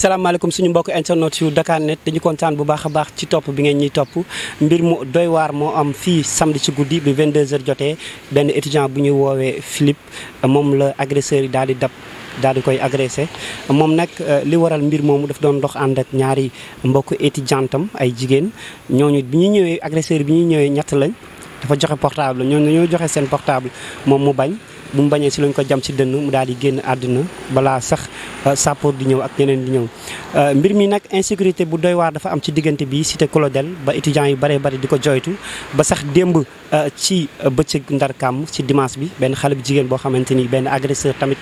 salaamaaleykum suñu mbokk internet yu Dakar Net dañu kontaan bu baax a baax ci topp bi ngeen ñuy topp mbir mu doy waar moo am fii samedi ci guddi bi 22h jotee benn étudiant bu ñuy woowee Philippe moom la agresseur yi daal di dab daal di koy agressé moom nag euh, li waral mbir moomu daf doon ndox ànd ak ñaari mbokk étudiantam ay jigéen ñooñu bi ñuy ñëwee agresseur bi ñuy ñëwee ñett lañ dafa joxe portable ñooñu dañoo joxe seen portable moom mu bañ. bu mu bañee si lañ ko jam ci dënn mu daal di génn àdduna balaa sax euh, sappoor di ñëw ak ñeneen di ñëw euh, mbir mi nag insécurité bu doy waar dafa am ci diggante bi cité Claudel ba étudiants yu bare bari di ko joytu ba sax démb euh, ci bëccëg ndar kàmm ci dimanche bi benn xale bu jigéen boo xamante ni benn agresseur tamit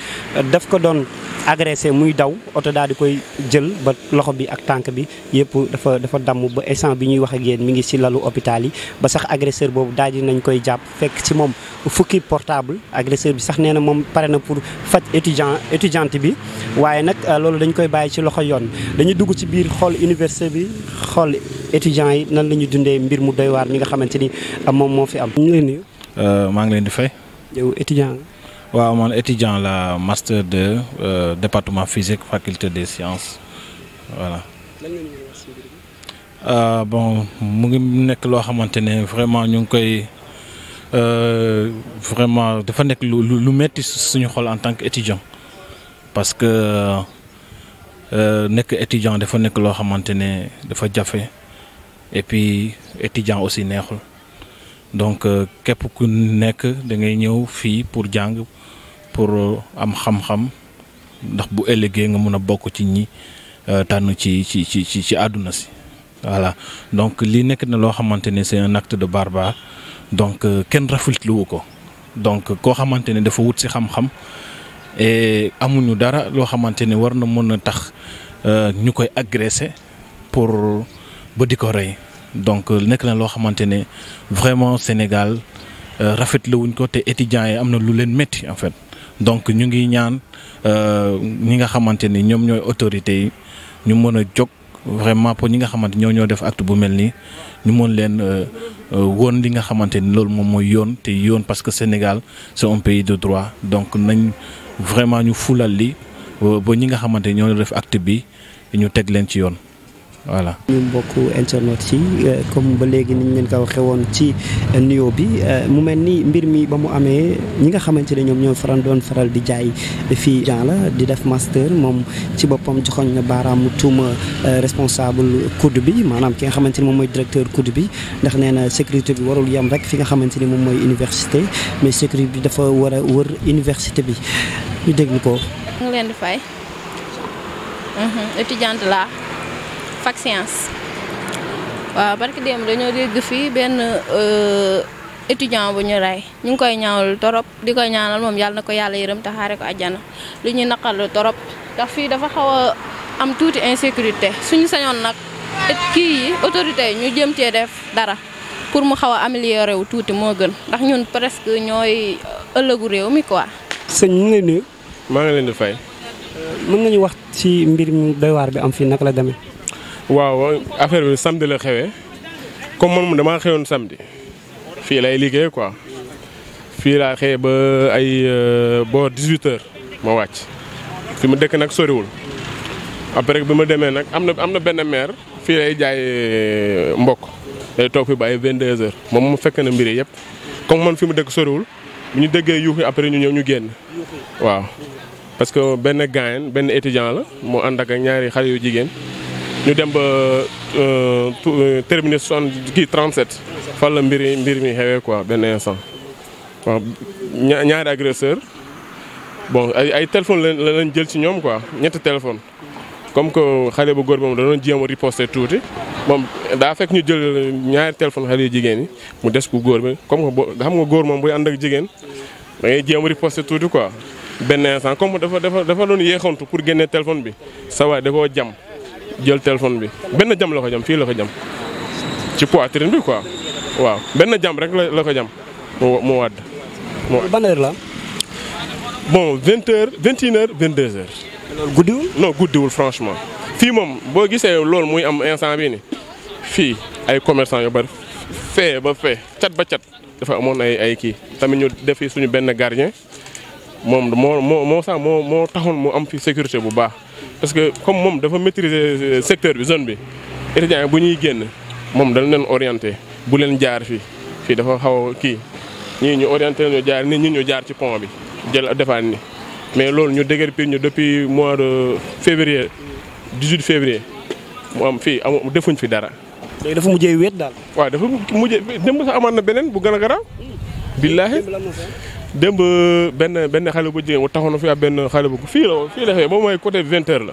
daf ko doon agressé muy daw oto daal di koy jël ba loxo bi ak tànk bi yëpp dafa dafa damm ba instant bi ñuy wax ak yéen mi ngi ci lalu hôpital yi ba sax agresseur boobu daal di nañ koy jàpp fekk ci moom fukki portable agresseur bi sax nee na moom pare na pour faj étudiant étudiante bi waaye nag euh, loolu dañ koy bàyyi ci loxo yoon dañuy dugg ci biir xool université bi xool étudiants yi nan la ñu dundee mbir mu doy waar mi nga xamante ni moom moo fi am. ñu ngi leen euh, maa ngi leen di fay. yow étudiant waaw man étudiant la master de euh, département physique faculté de sciences voilà. Euh, bon mu ngi nekk loo xamante ne vraiment ñu ngi koy euh, vraiment dafa nekk lu lu metti suñu xol en tant que étudiant parce que euh, nekk étudiant dafa nekk loo xamante ne dafa jafe et puis étudiant aussi neexul donc képp ku nekk da ngay ñëw fii pour jàng. pour euh, am xam-xam ndax bu ëllëgee nga mën a bokk ci ñi euh, tànn ci ci ci ci àdduna si voilà donc lii nekk na loo xamante ne c'est un acte de barbare donc euh, kenn rafetluwu ko donc koo xamante ne dafa wut si xam-xam et amuñu dara loo xamante ne war na mën a tax ñu koy agressé pour ba di ko rey donc nekk na loo xamante ne vraiment Sénégal rafetluwuñ ko te étudiants yi am na lu leen métti en fait. donc ñu ngi ñaan euh, ñi nga xamante ni ñoom ñooy autorités yi ñu mën a jóg vraiment pour ñi nga xamante ñoo ñoo def acte bu mel ni ñu mën leen euh, euh, woon li nga xamante ni loolu moom mooy yoon te yoon parce que Sénégal c'est un pays de droit donc nañ vraiment ñu fulal li ba ñi nga xamante ñoo def acte bi ñu teg leen ci yoon. voilà. ñu mbokk internet yi euh, comme ba léegi niñ leen ko waxee woon ci euh, nuyoo bi euh, mu mel ni mbir mi ba mu amee ñi nga xamante ne ñoom ñoo faral doon faral di jaay fi Jean la di def master moom ci boppam joxoñ na baaraamu tuuma responsable COUD bi maanaam ki nga xamante ni moom mooy directeur COUD bi ndax nee na sécurité bi warul yem rek fi nga xamante ni moom mooy université mais sécurité bi dafa war a wër université bi ñu déglu ko. mu leen di fay mhm, fac science waaw barki démb dañoo dégg fii benn euh, étudiant bu ñu rey ñu ngi koy ñaawal torop di koy ñaanal moom yàlla na ko yàlla yërëm te xaare ko àjjana li ñuy naqarlu torop ndax fii dafa xaw a am tuuti insécurité suñu sañoon nag kii yi autorité yi ñu jëm cee def dara pour mu xaw a améliorer tuuti moo gën ndax ñun presque ñooy euh, ëllëgu réew mi quoi. sëñ ñu ngi lay nuyu. maa ngi leen di fay. Euh, mën nga ñu wax ci mbir mi doy waar bi am fii naka la demee. waaw affaire bi samedi la xewee comme man damaa xewoon samedi fii lay liggéey quoi fii laa xëyee ba ay boor 18h euh, ma wàcc fi ma dëkk nag soriwul après bi ma demee nag am na am na benn maire fii lay jaay euh, mbokk day toog fi ba ay 22h moom mu fekk na mbir yëpp comme man fi mu dëkk soriwul bu ñu déggee yuuxi après ñu ñëw ñu génn waaw parce que benn gaayen benn étudiant la mu ànd ak ñaari xale yu jigéen. ñu dem ba euh, euh, terminus soixante kii 37 fan la mbir mbir mi xewee quoi benn instant waaw ñaari agresseur bon ay ay téléphone la lañ jël ci ñoom quoi ñetti téléphone comme que xale bu góor moom da doon jéem a tuuti moom daa fekk ñu jël ñaari téléphone xale yu jigéen yi mu des ku góor bi comme que boo xam nga góor moom buy ànd ak jigéen da ngay jéem a riposté tuuti quoi benn instant comme dafa dafa dafa doon yéexantu pour génnee téléphone bi sa waay da koo jam jël téléphone bi benn jam la ko jam fii la ko jam ci poitrine bi quoi waaw benn jam rek la la ko jam mu mu wàdd. ban bon vingt heures vingt une heures vingt deux heures. guddiwul. non guddiwul franchement fii moom boo gisee loolu muy am instant bii ni fii ay commerçant yu bari fee ba fee cat ba cat dafa amoon ay ay kii tamit ñu def suñu benn gardien. moom moo moo moo sax moo moo taxoon mu am fi sécurité bu baax parce que comme moom dafa maîtriser euh, secteur bi zone bi étudiants yi bu ñuy génn moom dañ leen orienté bu leen jaar fii fii dafa xaw a kii ñii ñu orienté ñu jaar nii ñii ñu jaar ci pont bi jël defaan ni mais loolu ñu dëgër piir ñu depuis mois de février 18 février mu am fii amu defuñ fi dara. léegi dafa mujje wéet daal. waaw dafa mujjee amoon na beneen bu gën a garaaw. Hmm. billaahi démb benn benn xale bu jigéen mu taxoon na fi ab benn xale bu fii la woon fii la xëy moom mooy côté vingt la.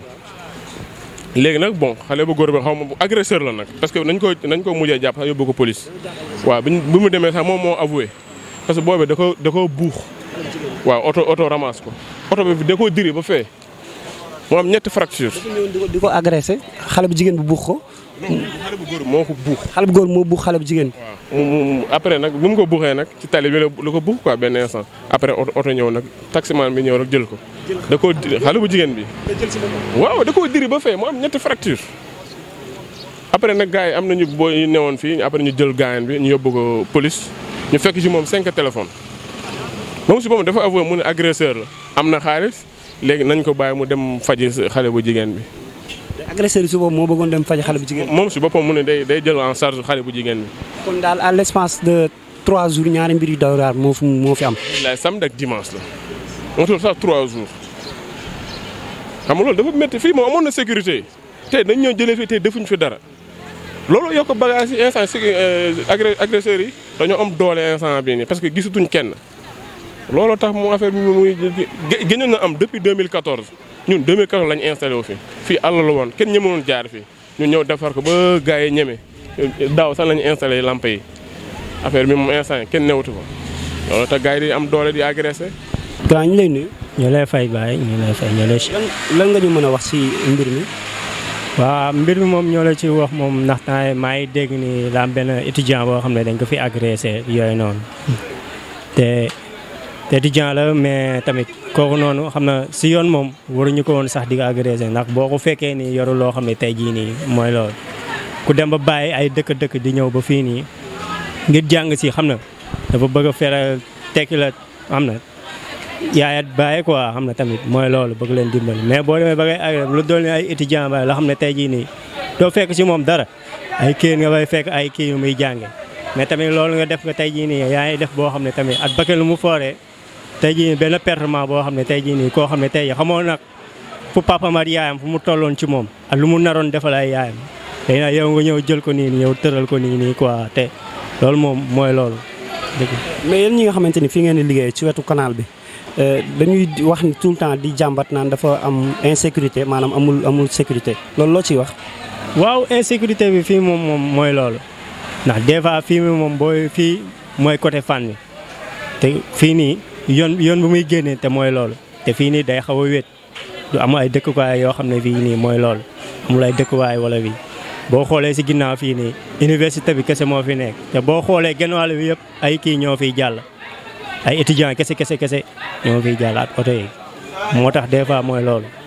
léegi nag bon xale bu góor bi xaw ma bu agresseur la nag parce que nañ ko nañ ko mujjee jàpp sax yóbbu ko police. waaw bi mu demee sax moom moo avoué parce que boobee da ko da buux. waaw oto oto ramasse ko oto bi da koo diri ba fee. mu am ñetti fracture. di ko agressé xale bu jigéen bi buux ko. bu góor moo ko buux. xale bu góor moo buux xale jigéen. waaw après nag bu mu ko buuxee nag ci tali bi la ko buux quoi benn ñëw nag taximaan bi ñëw nag jël ko. da koo xale bu jigéen bi. waaw da koo diri ba fee mu ñetti fracture. après nag yi am nañu booy yu newoon fii après ñu jël gaayan bi ñu yóbbu ko police ñu fekk ci moom cinq téléphone moom si dafa avoué mu ne agresseur la am na xaalis. léegi nañ ko bàyyi mu dem faji xale bu jigéen bi. agresseur bi boobu moo bëggoon dem faji xale bu jigéen bi. moom si boppam mu ne day day jël en charge xale bu jigéen bi. kon daal à l'espace jours ñaari mbir yu daw moo fi moo fi am. alhamdulilah samedi ak dimanche la motul sax trois jours xam nga loolu dafa métti fii moom amoon na sécurité te dañ ñoo jëlee fii tey defuñ fi dara loolu yokk bagage yi instant euh, agresseurs yi dañoo am doole instant bii parce que gisatuñ kenn. looloo tax mu affaire bi muy gënoon na am depuis 2014 ñun 2014 lañ installé wu fi fii àll la woon kenn ñemewoon jaar fi ñu ñëw defar ko ba gars yi ñeme daaw sax lañu installé lampe yi affaire bi mu instant kenn newatu ko looloo tax gars yi di am doole di agressé. grand ñu lay nuyu. ñu lay fay baay ñu lay fay ñu si. lan nga ñu mën a wax si mbir mi. waaw mbir mi moom ñoo la ci wax moom ndax temps maa ngi dégg ni la am benn étudiant boo xam ne dañ ko fi agressé yooyu noonu hmm. te étudiant la mais tamit kooku noonu xam na si yoon moom waruñu ko woon sax di ko agressé ndax boo ko fekkee nii yoru loo xam ne tey jii nii mooy loolu ku dem ba bàyyi ay dëkk-dëkk di ñëw ba fii nii ngir jàng si xam na dafa bëgg a tekki la xam na yaayat bàyyi quoi xam na tamit mooy loolu bëgg leen dimbali mais boo demee ba ngay lu doon ay étudiant ba la xam ne tey jii nii doo fekk si moom dara ay kii nga fekk ay kii muy jànge mais tamit loolu nga def nga tey jii nii yaa def boo xam ne tamit at bakkan lu mu fooree tey jii benn pertement boo xam ne tey jii nii koo xam ne tey xamoon nag fu papaam ak yaayam fu mu tolloon ci moom ak lu mu naroon defal ay yaayam léegi nag yow nga ñëw jël ko nii nii yow tëral ko nii nii quoi te loolu moom mooy loolu. mais yéen ñi nga xamante ni fii ngeen di liggéey ci wetu canal bi euh, dañuy wax ni tout le temps di jàmbat naan dafa am insécurité maanaam amul amul sécurité loolu loo ciy wax. waaw insécurité bi fii moom moom mooy loolu ndax des fois fii moom booy fii mooy côté fan bi te fii nii. yoon yoon bu muy génnee te mooy loolu te fii nii day xaw a wéet du am ay dëkkuwaay yoo xam ne fii nii mooy loolu amul ay dëkkuwaay wala fii boo xoolee si ginnaaw fii nii université bi kese moo fi nekk te boo xoolee genn wàll bi yëpp ay kii ñoo fiy jàll ay étudiants kese kese kese ñoo fiy jàll ak oto yi moo tax des fois mooy loolu.